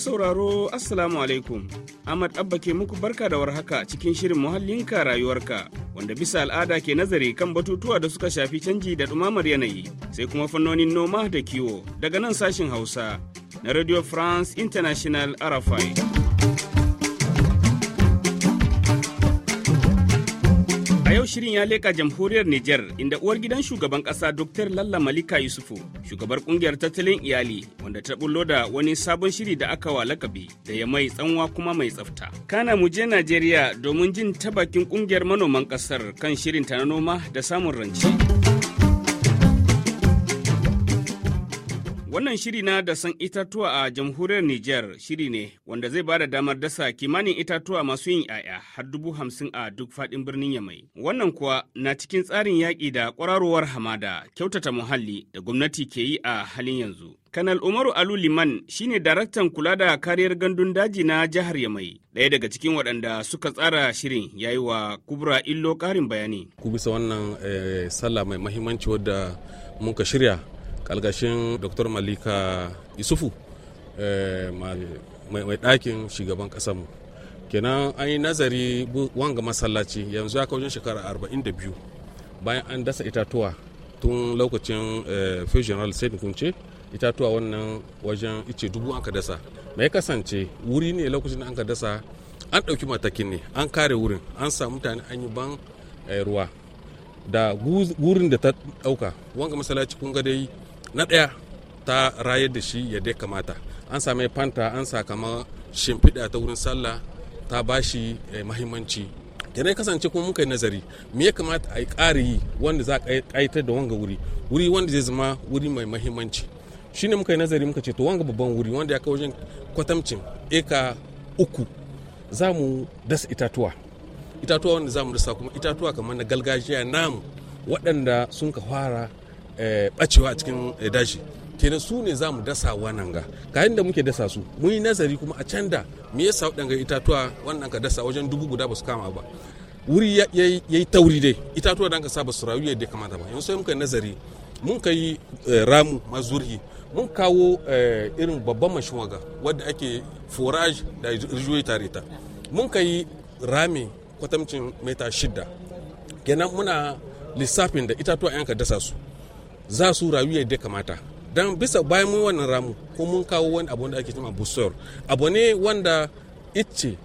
sauraro Assalamu alaikum. Ahmad Abba ke muku barka da warhaka cikin shirin muhallinka rayuwarka wanda bisa al'ada ke nazari kan batutuwa da suka shafi canji da ɗumamar yanayi sai kuma fannonin noma da kiwo daga nan sashin Hausa na Radio France International arafai. A yau shirin ya leƙa jamhuriyar Nijar inda uwar gidan shugaban ƙasa Dr. Lalla Malika Yusufu, shugabar ƙungiyar tattalin iyali wanda ta bullo da wani sabon shiri da aka wa lakabi da ya mai tsanwa kuma mai tsafta. Kana mu je Najeriya domin jin ta bakin ƙungiyar manoman ƙasar kan shirin ta na noma da samun rance. Wannan shiri na dasan itatuwa a jamhuriyar Nijar shiri ne wanda zai ba da damar dasa kimanin itatuwa masu yin 'ya'ya har dubu hamsin a duk faɗin birnin Yamai. Wannan kuwa na cikin tsarin yaƙi da kwararowar hamada, kyautata muhalli da gwamnati ke yi a halin yanzu. Kanal Umaru Alu Liman shi ne daraktan kula da kariyar gandun daji na jihar Yamai. Ɗaya daga cikin waɗanda suka tsara shirin yayi wa Kubra Illo ƙarin bayani. Ku bisa wannan eh, sallah mai mahimmanci wadda muka shirya kalgashin dr malika isufu eh, mai ɗakin shugaban mu kenan an yi nazari wanga masallaci yanzu ya wajen shekara 42 bayan an dasa itatuwa tun lokacin eh, fusional sai kunce itatuwa wannan wajen ice dubu an ka dasa mai kasance wuri ne lokacin an ka dasa an ɗauki matakin ne an kare wurin an samu mutane an yi ban eh, ruwa da wurin da ta ɗauka wanga masallaci kun ga dai na ɗaya ta rayar da shi yadda kamata an same fanta an sa sakama shimfiɗa ta wurin sallah ta ba shi eh, mahimmanci kenan kasance kuma muka yi nazari me ya kamata a yi ƙari yi wanda za a ƙaitar da wanga wuri wuri wanda zai zama wuri mai mahimmanci shi ne muka yi nazari muka ce to wanga babban wuri wanda ya kai wajen kwatamcin eka uku za mu dasa itatuwa itatuwa wanda za mu dasa kuma itatuwa kamar na gargajiya namu waɗanda sun ka fara bacewa eh, a cikin eh, daji kenan su ne za mu dasa wannan ga ga da muke dasa su muyi nazari kuma a can da me yasa waɗanga itatuwa wannan ka dasa wajen dubu guda ba su kama ba wuri ya yi tauri dai itatuwa da ka sa ba su rayu yadda kamata ba yanzu sai muka nazari mun ka yi eh, ramu mazurhi mun kawo irin babban mashiwaga wadda ake forage da rijiyoyi tare ta mun ka yi rami kwatamcin mita shida kenan muna lissafin da itatuwa yanka dasa su za su rayu yadda kamata don bisa bayan mun wannan ramu ko mun kawo wani abu da ake cewa busor abu ne wanda icce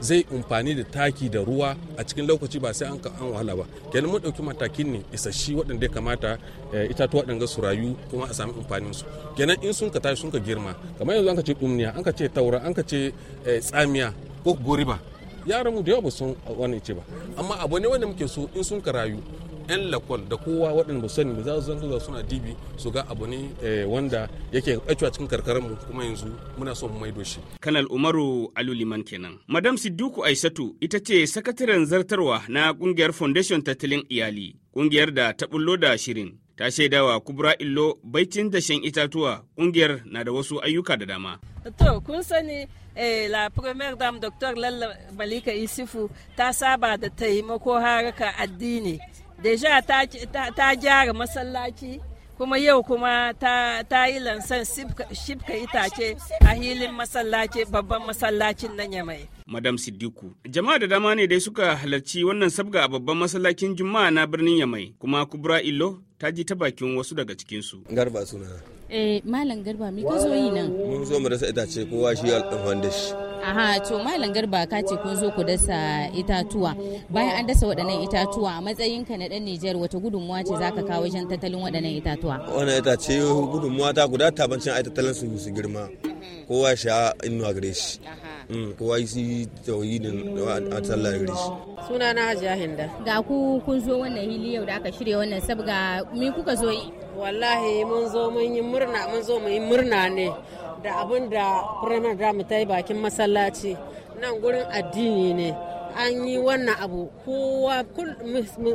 zai amfani da taki da ruwa a cikin lokaci ba sai an ka an wahala ba kenan mun dauki matakin ne isasshi waɗanda ya kamata eh, itatuwa ɗanga su rayu kuma a sami amfanin su kenan in sun ka tashi sun ka girma kamar yanzu an ka ce dumniya an ka ce taura an ka ce eh, tsamiya ko goriba yaran mu da yawa ba sun wani ce ba amma abu ne wanda muke so in sun ka rayu 'yan lakwal da kowa waɗanda ba sani ba za su zanto suna dibi su ga abu ne eh, wanda yake a cikin karkarar mu kuma yanzu muna son mai doshi. Kanal Umaru Aluliman kenan. Madam Sidduku Aisatu ita ce sakataren zartarwa na ƙungiyar Foundation Tattalin Iyali, ƙungiyar da ta bullo da shirin. Ta shaidawa Kubra Illo baicin dashen itatuwa ƙungiyar na da wasu ayyuka da dama. To, kun sani eh, la premier dam docteur Lalla Malika Isifu ta saba da taimako haraka addini deja ta, gyara masallaci kuma yau kuma ta, yi lansan shifka itace a hilin masallaci babban masallacin nan ya mai. Madam Siddiku. Jama'a da dama ne dai suka halarci wannan sabga a babban masallacin Juma'a na birnin Yamai kuma Kubra Ilo ta ji ta bakin wasu daga cikinsu. Garba suna. Eh, Malam Garba, me ka zo yi nan? Mun zo mu rasa itace kowa shi shi. Aha, to Malam Garba ka ce kun zo ku dasa itatuwa. Bayan an dasa waɗannan itatuwa a matsayin ka na ɗan Nijar wata gudunmuwa ce zaka kawo wajen tattalin waɗannan itatuwa? Wannan itace gudunmuwa ta guda tabancin ai tattalin su su girma. Kowa sha inuwa gare shi. Mm, kowa yi da a tsallar gare shi. Suna na Hajiya Hinda. Ga ku kun zo wannan hili yau da aka shirya wannan sabga me kuka zo yi? Wallahi mun zo mun yi murna mun zo mun yi murna ne. da abin da firamar damu ta yi bakin masallaci nan gurin addini ne an yi wannan abu kowa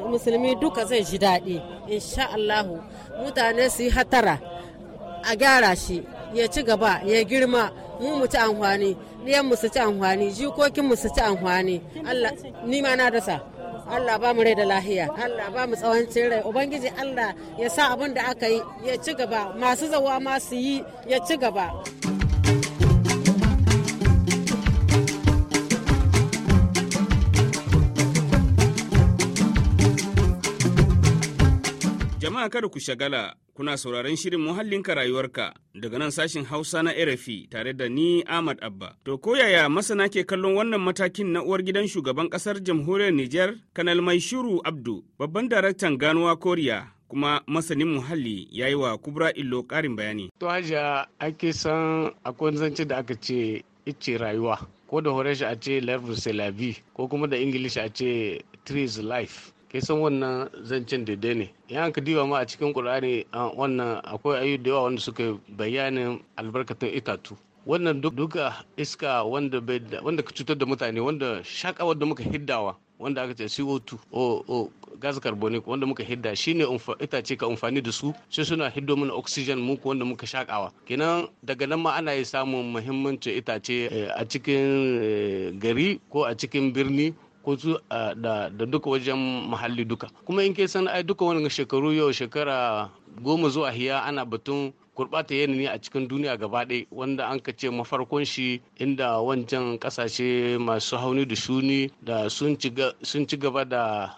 musulmi duka zai ji daɗi insha Allahu mutane su yi hatara a gyara shi ya ci gaba ya girma mu mu ci amfani ɗiyan mu su ci amfani jikokin mu su ci amfani ni ma na dasa Allah ba mu rai da lahiya Allah ba mu tsawon rai ubangiji Allah ya sa abin da aka yi ya ci gaba masu zawa ma su yi ya ci gaba jama'a kada ku shagala Kuna sauraron shirin muhallinka rayuwarka daga nan sashin Hausa na RFI tare da ni Ahmad Abba. To ko yaya masana ke kallon wannan matakin na uwar gidan shugaban kasar jamhuriyar Nijar, Kanal Mai Shiru Abdu, babban daraktan ganuwa Koriya, kuma masanin muhalli ya yi wa kubra illo karin bayani. To haja ake san akwai zance da aka ce ice rayuwa ko da horeshi a ce larvar ko kuma da ingilishi a ce trees life ke san wannan zancen daidai ne ya an ka diba ma a cikin qur'ani wannan akwai ayu da yawa wanda suka bayanin albarkatun itatu wannan duka iska wanda wanda ka cutar da mutane wanda shakawar da muka hiddawa wanda aka ce CO2 o gas carbonic wanda muka hidda shine itace ka amfani da su sai suna hiddo mana oxygen muku wanda muka shakawa kenan daga nan ma ana yi samun muhimmanci itace eh, a cikin eh, gari ko a cikin birni ko su da duka wajen muhalli duka kuma in ke san ai duka wani shekaru yau shekara goma zuwa hiya ana batun gurɓata yanayi a cikin duniya gaba ɗaya wanda an ce mafarkon shi inda wancan kasashe masu hauni da shuni da sun ci gaba da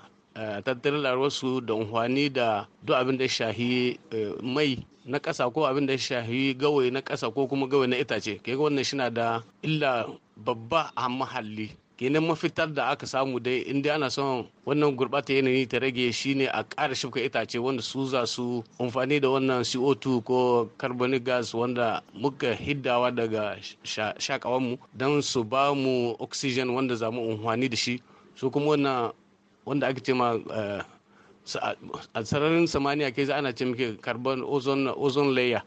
tattalin larwarsu da unhwani da duk abin da shahi e, mai na ƙasa ko abin da shahi gawai na ƙasa ko kuma gawai na itace ke wannan shi na da illa babba a muhalli. kenan mafitar da aka samu dai inda ana son wannan gurɓata yanayi ta rage shine a ƙara shifka itace wanda su za su amfani da wannan co2 ko carbonic gas wanda muka hiddawa daga shakawanmu don su ba mu oxygen wanda za mu amfani da shi su kuma wannan wanda ake cema eh, a sararin samaniya ke ana ce muke carbon ozone layer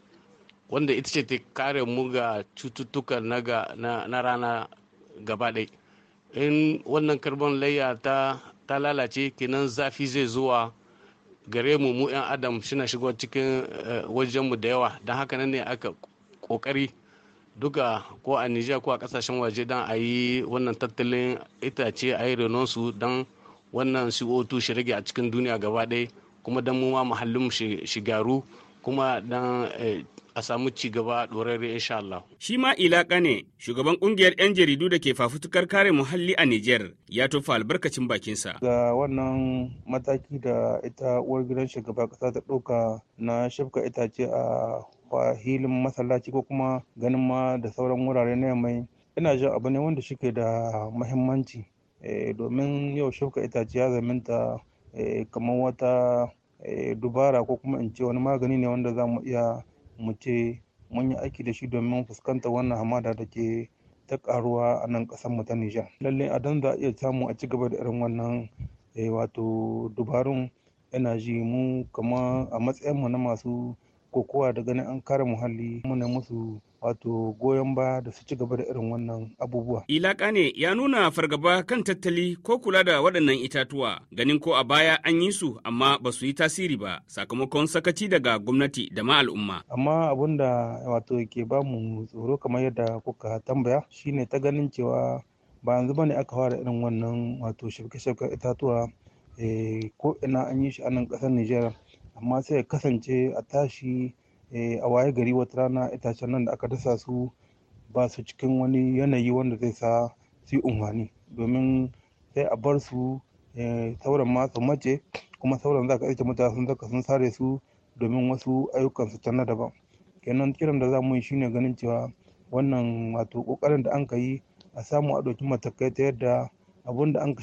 wanda ita ce ta kare mu ga cututtuka na rana gaba ɗaya in wannan karbon layya ta lalace kenan zafi zai zuwa gare mu mu 'yan adam suna shigo cikin eh, wajenmu da yawa don haka nan ne aka kokari duka ko a nijar ko a kasashen waje don a yi wannan tattalin itace a yi su don wannan co2 shi rage a cikin duniya gaba ɗaya kuma don mu ma muhallin shi gyaru kuma don eh, a samu ci gaba ɗorarre insha Allah. Shi ma ilaka ne shugaban kungiyar 'yan jaridu da ke fafutukar kare muhalli a Nijar ya tofa albarkacin bakinsa. Ga wannan mataki da ita uwar gidan shugaba ƙasa ta ɗauka na shafka itace a hilin masallaci ko kuma ganin ma da sauran wurare na mai ina jin abu ne wanda shike da muhimmanci eh, domin yau shafka itace ya zaminta eh, kamar wata eh, dubara ko kuma in ce wani magani ne wanda za mu iya mu ce mun yi aiki da shi domin fuskantar wannan hamada da ke ta karuwa a nan kasar mu ta Nijar. Lalle a dan za a iya samu a ci gaba da irin wannan eh, wato dubarun yana ji mu kama a matsayinmu na masu kokowa da ganin an kare muhalli muna musu wato goyon baya da su ci gaba da irin wannan abubuwa. Ilaka ne ya nuna fargaba kan tattali ko kula da waɗannan itatuwa ganin ko a baya an yi su amma ba su yi tasiri ba sakamakon sakaci daga gwamnati da ma al'umma. Amma abun da wato ke ba mu tsoro kamar yadda kuka tambaya shine ta ganin cewa ba yanzu ba ne aka fara irin wannan wato shafke-shafken itatuwa eh, ko ina an yi shi a nan ƙasar Nijar amma sai ya kasance a tashi Eh, a waye gari wata rana itacen nan da aka dasa su ba su cikin wani yanayi wanda zai sa su yi domin sai a bar su eh, sauran ma su mace kuma sauran za ka aike mutane sun zaka sun sare su domin wasu ayyukan su na daban kenan kiran da za mu yi shine ganin cewa wannan wato kokarin da an yi a samu a ɗauki matakai ta yadda abun da an ka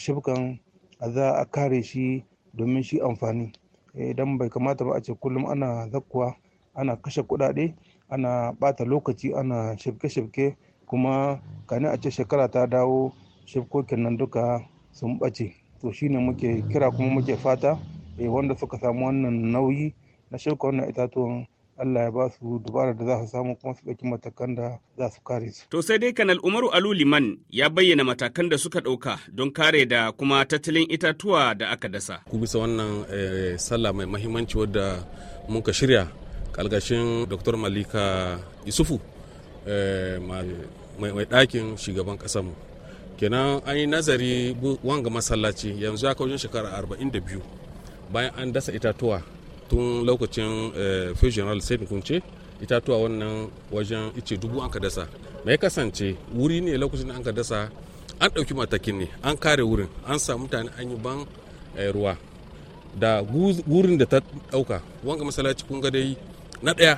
a za a kare shi domin shi amfani idan eh, bai kamata ba a ce kullum ana zakkuwa ana kashe kuɗaɗe ana ɓata lokaci ana shafke-shafke kuma kani a ce shekara ta dawo shafkokin nan duka sun bace to shine muke kira kuma muke fata e, wanda suka samu wannan nauyi na shirka wannan itatuwan Allah ya ba su dubara da za su samu kuma su ɗauki matakan da za su kare su. To sai dai kanal Umaru Alu Liman ya bayyana matakan da suka ɗauka don kare da kuma tattalin itatuwa da aka dasa. Ku bisa wannan eh, sallah mai mahimmanci wadda muka shirya kalgashin dr malika isufu eh, mai ɗakin shugaban mu kenan an yi nazari wanga masallaci yanzu ya wajen shekara 42 bayan an dasa itatuwa tun lokacin eh, fiyo general sai kunce itatuwa wannan wajen ice dubu an ka dasa mai kasance wuri ne lokacin an ka dasa an ɗauki matakin ne an kare wurin an sa mutane an yi ban eh, ruwa da wurin da ta ɗauka wanga masallaci kun ga dai na ɗaya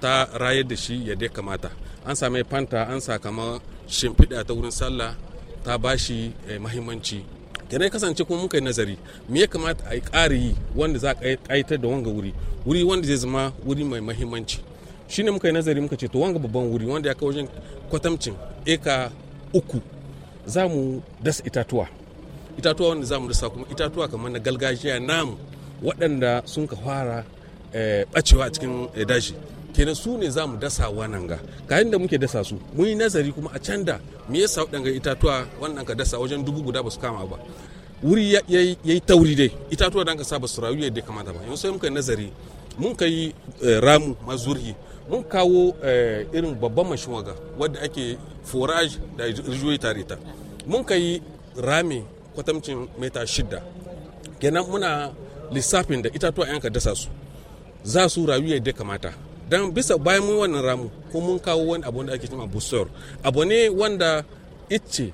ta rayar da shi yadda ya kamata an same fanta an sakama shimfiɗa ta wurin sallah ta ba shi eh, mahimmanci kenan kasance kuma muka yi nazari me ya kamata a yi ƙari yi wanda za a ƙaitar da wanga wuri wuri wanda zai zama wuri mai mahimmanci shine muka yi nazari muka ce to wanga babban wuri wanda ya kai wajen kwatamcin eka uku za mu dasa itatuwa itatuwa wanda za mu dasa kuma itatuwa kamar na gargajiya namu waɗanda sun ka fara bacewa eh, a cikin eh, daji kenan su ne za mu dasa wannan ga kayan da muke dasa su mun yi nazari kuma a can da me yasa waɗanga itatuwa wannan ka dasa wajen dubu guda ba su kama ba wuri ya yi tauri dai itatuwa da ka sa ba su rayu yadda kamata ba yau sai muka nazari mun ka yi eh, ramu mazurhi mun kawo irin babban mashin waga wadda ake forage da rijiyoyi tare ta mun ka yi kwatamcin mita shida kenan muna lissafin da itatuwa yanka dasa su za su rayu yadda kamata don bisa bayan mun wannan ramu ko mun kawo wani abu da ake cewa booster abu ne wanda icce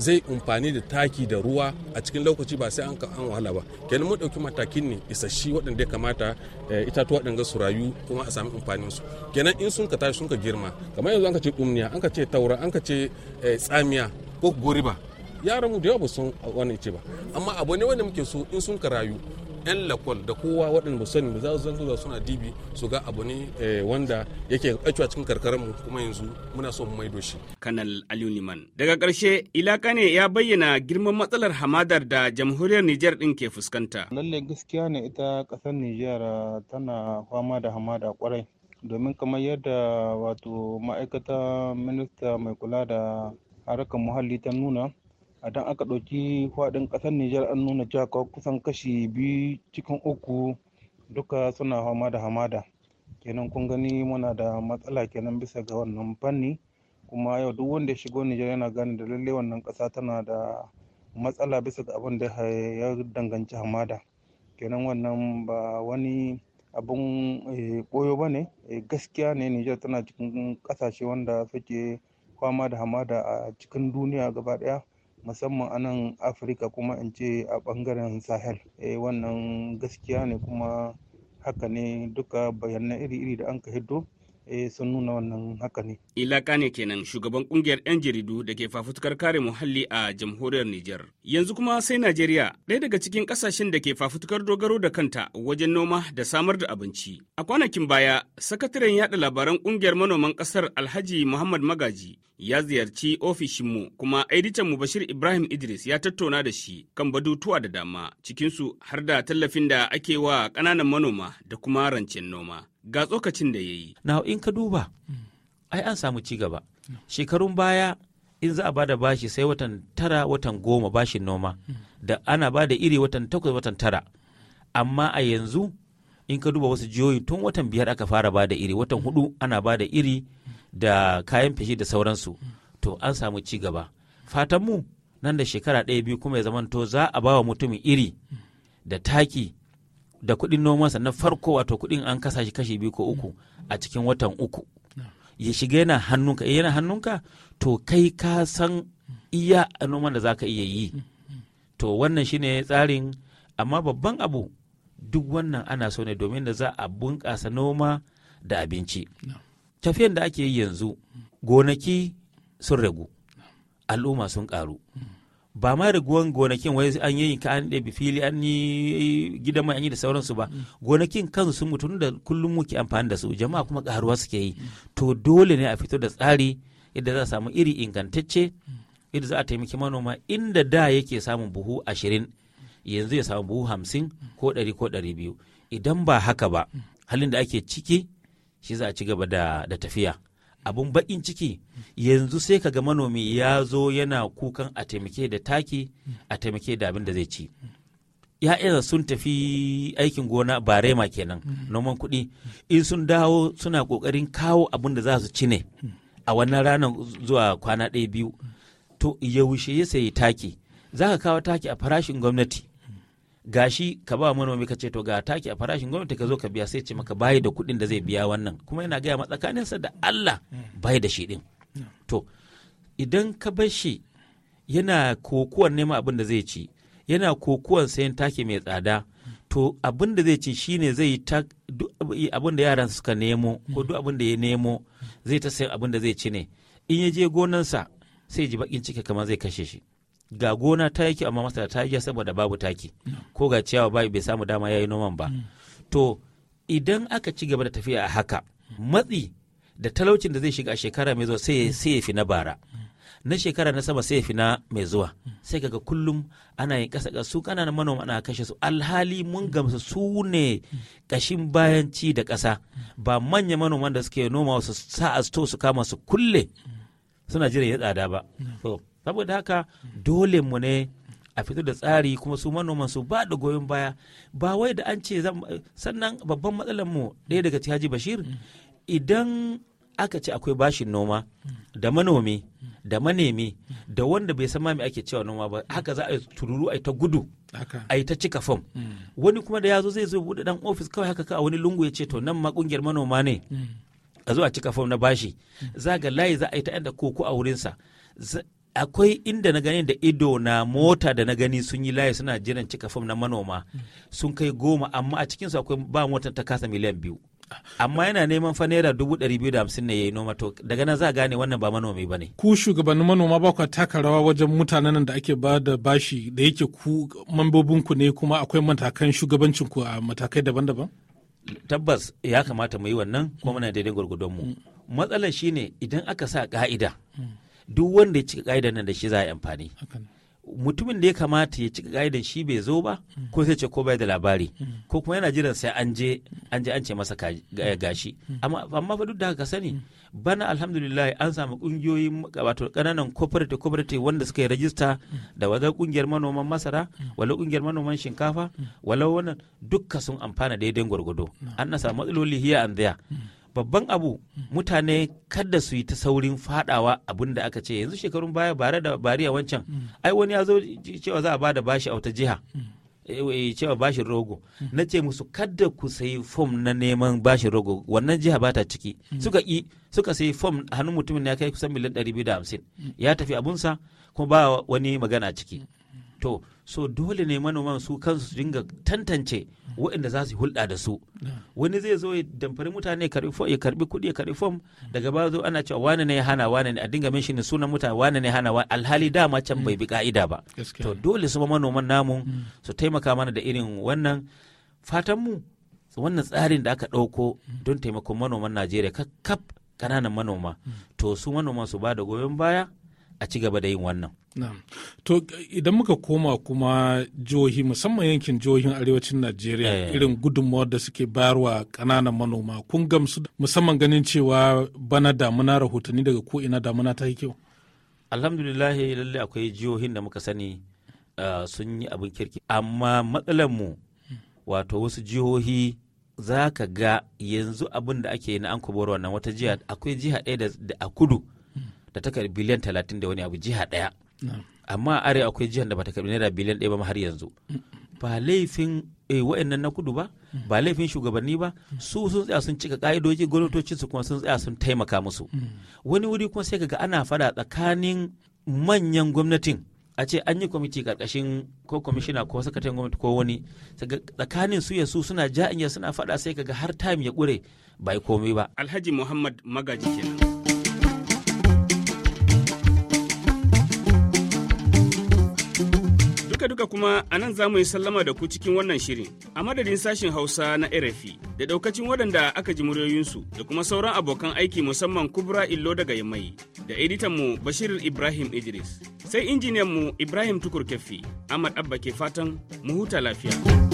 zai amfani da taki da ruwa a cikin lokaci ba sai an an wahala ba kenan mun dauki matakin ne isasshi waɗanda ya kamata eh, itatuwa waɗanda su rayu kuma a sami amfanin su kenan in sun ka tashi sun ka girma kamar yanzu an ka ce umniya an ka ce taura an ka ce eh, tsamiya ko goriba yaran mu da yawa ba sun wani ce ba amma abu ne wanda muke so in sun ka rayu 'yan lakwal da kowa waɗanda ba sani za su suna dibi su ga abu ne eh, wanda yake aikuwa cikin mu kuma yanzu muna son mu maido shi. Kanal Aliyu Liman. Daga ƙarshe Ilaka ne ya bayyana girman matsalar hamadar da jamhuriyar Nijar ɗin ke fuskanta. Lalle gaskiya ne ita ƙasar Nijar tana fama da hamada kwarai. Domin kamar yadda wato ma'aikata minista mai kula da harkar muhalli ta nuna idan aka ɗauki faɗin ƙasar Nijar an nuna cewa kusan kashi biyu cikin uku duka suna fama da hamada kenan kun gani muna da matsala kenan bisa ga wannan fanni kuma yau duk wanda ya shigo Nijar yana gane da lalle wannan ƙasa tana da matsala bisa ga abin da ya danganci hamada kenan wannan ba wani abun koyo eh, ba ne eh, gaskiya ne Nijar tana cikin ƙasashe wanda suke fama da hamada a cikin duniya gaba ɗaya musamman a nan afirka kuma in ce a bangaren sahel e, wannan gaskiya ne kuma haka ne duka bayanan iri-iri da an ka hiddo Eh, sun nuna wannan haka ne. Ilaka ne kenan shugaban kungiyar 'yan jaridu da ke fafutukar kare muhalli a jamhuriyar Nijar. Yanzu kuma sai Najeriya ɗaya daga cikin ƙasashen da ke fafutukar dogaro da kanta wajen noma da samar da abinci. A kwanakin baya, sakataren yaɗa labaran kungiyar manoman ƙasar Alhaji Muhammad Magaji ya ziyarci ofishinmu kuma editan mu Bashir Ibrahim Idris ya tattauna da shi kan badutuwa da dama cikinsu har da tallafin da ake wa ƙananan manoma da kuma rancen noma. ga tsokacin da ya yi. Na in ka duba, ai an samu ci Shekarun baya in za a bada bashi sai watan tara watan goma bashin noma da ana bada iri watan takwas watan tara. Amma a yanzu in ka duba wasu jihohi tun watan biyar aka fara bada iri watan hudu ana bada iri da kayan feshi da sauransu. To an samu ci gaba. Fatanmu nan da shekara ɗaya biyu kuma ya zamanto za a bawa mutumin iri da taki da kuɗin nomansa na farko wato kuɗin an kasa shi kashi biyu ko uku a cikin watan uku ya shiga yana hannunka eh, yana hannunka to kai ka san iya noman da za ka iya yi to wannan shine tsarin amma babban abu duk wannan ana so ne domin da za a bunƙasa noma da abinci tafiyan da ake yi yanzu gonaki sun ragu al'umma sun ƙaru ba ma riguwan gonakin wai an yi ka an ɗabi fili an yi gidan mai an yi da sauransu ba mm. gonakin kansu sun mutu da kullum muke amfani da su jama'a kuma karuwa suke yi to dole ne a fito da tsari yadda za a samu iri ingantacce mm. yadda za a taimaki manoma inda da yake samun buhu ashirin yanzu ya samu buhu hamsin ko ɗari ko ɗari biyu idan ba haka ba mm. halin da ake ciki shi za a ci gaba da tafiya abun bakin ciki yanzu sai kaga manomi ya zo yana kukan a taimake da taki a taimake da abin da zai ci ya'yansa sun tafi aikin gona ba rema kenan noman kuɗi in sun dawo suna ƙoƙarin kawo abin da za su ci ne a wannan ranar zuwa kwana ɗaya biyu to yaushe ya sayi taki za ka kawo taki a farashin gwamnati gashi ka ba manomi ka ce to ga taki a farashin gwamnati ka zo ka biya sai ce maka bayi da kuɗin da zai biya wannan kuma yana gaya ma tsakaninsa da Allah bayi da shi din to idan ka bar shi yana kokuwan neman abin da zai ci yana kokuwan sayan taki mai tsada to abin da zai ci shine zai yi abin da yaran suka nemo ko duk abin da ya nemo zai ta sayan abin da zai ci ne in ya je gonansa sai ji bakin ciki kamar zai kashe shi ga gona ta yake amma masara ta yi saboda babu taki ko ga ciyawa bai bai samu dama yayi noman ba mm. to idan aka ci gaba da tafiya a haka matsi da talaucin da zai shiga a shekara mai zuwa sai sai ya fi na bara mm. na shekara na sama sai ya fi na mai zuwa mm. sai kaga kullum ana yin kasa su kananan manoma ana kashe su alhali mun gamsu su ne kashin bayan ci da kasa ba manya manoman da suke noma su sa a su kama su kulle suna jiran ya tsada ba saboda haka dole mu ne a fito da tsari kuma su manoman su ba da goyon baya ba wai da an ce sannan babban matsalar mu ɗaya daga Haji Bashir idan aka ce akwai bashin noma da manomi da manemi da wanda bai san ma ake cewa noma ba haka za a tururu a ta gudu a yi ta cika fom wani kuma da ya zo zai zo bude dan ofis kawai haka ka wani lungu ya ce to nan ma kungiyar manoma ne mm. a zo a cika fom na bashi za ga layi za a yi ta yanda koko a wurinsa akwai inda na gani da ido na mota da na gani sun yi layi suna jiran cika fam na manoma sun kai goma amma a cikinsu akwai ba mota ta kasa miliyan biyu amma yana neman fa naira dubu ɗari biyu da hamsin ne ya yi noma to daga nan za a gane wannan ba manomi ba ne. ku shugabannin manoma ba ku taka rawa wajen mutanen da ake ba da bashi da yake ku mambobin ne kuma akwai matakan shugabancin a matakai daban-daban. tabbas ya kamata mu yi wannan kuma muna daidai gwargwadon mu mm. matsalar shine idan aka sa ka'ida. Mm. duk wanda ya cika ƙa'idan nan da shi za a amfani mutumin da ya kamata ya cika ƙa'idan shi bai zo ba mm. ko sai ce ko bai da labari mm. ko kuma yana jiran sai an je an je an ce masa mm. gashi amma amma fa duk da ka sani bana alhamdulillah an samu kungiyoyi wato kananan cooperative cooperative wanda suka yi rajista da wata kungiyar manoman masara wala kungiyar manoman shinkafa wala wannan dukka sun amfana daidai gwargwado an na samu matsaloli here and there babban abu mutane kada su yi ta saurin fadawa abin da aka ce yanzu shekarun baya bare da bariya wancan ai wani ya zo cewa za a ba da bashi a wata jiha eh, eh, cewa bashin rogo na ce musu kada ku sayi fom na neman bashin rogo wannan jiha ba ta ciki suka yi suka sayi fom hannun mutumin ya kai kusan miliyan 250 ya tafi abunsa kuma ba wani magana ciki to so dole ne manoman su kansu su dinga tantance waɗanda za su hulɗa da su wani zai zo ya damfari mutane ya karbi kuɗi ya karbi fom daga ba zo ana cewa wane ne ya hana wane ne a dinga min shi ne sunan mutane wane ne hana wane alhali dama can bai bi ka'ida ba to dole su manoman namu mm. su taimaka mana da irin wannan fatan mu wannan tsarin da aka ɗauko mm. don taimakon manoman najeriya kakkaf ƙananan manoma mm. to su manoman su ba da goyon baya a ci gaba da yin wannan. To idan muka koma kuma jihohi musamman yankin jihohin arewacin Najeriya eh. irin gudunmawar da suke bayarwa kananan manoma kun gamsu musamman ganin cewa bana damuna rahotanni daga ko ina damuna ta yi kyau. Alhamdulillah lalle akwai jihohin da muka sani ah, sun yi abin kirki amma matsalar mu wato wasu jihohi za ka ga yanzu abin da ake yi na an wannan wata jiha akwai jiha ɗaya da a kudu. da ta karbi biliyan talatin da wani abu jiha ɗaya amma arewa akwai jihar da ba ta karbi naira biliyan ɗaya ba har yanzu ba laifin eh, wa'annan na kudu ba ba laifin shugabanni ba su sun tsaya sun cika ka'idoji gwamnatocin su kuma sun tsaya sun taimaka musu wani wuri kuma sai kaga ana fada tsakanin manyan gwamnatin a ce an yi kwamiti karkashin ko kwamishina ko sakataren gwamnati ko wani tsakanin su ya su suna ja'in suna fada sai kaga har time ya kure bai komai ba alhaji muhammad magaji kenan duka-duka kuma a nan za mu yi sallama da ku cikin wannan shirin a madadin sashin hausa na rfi da daukacin waɗanda aka ji muryoyinsu da kuma sauran abokan aiki musamman kubra illo daga yamai da editan mu bashir ibrahim idris sai injiniyan mu ibrahim tukur keffi ahmad abba ke fatan mu huta lafiya.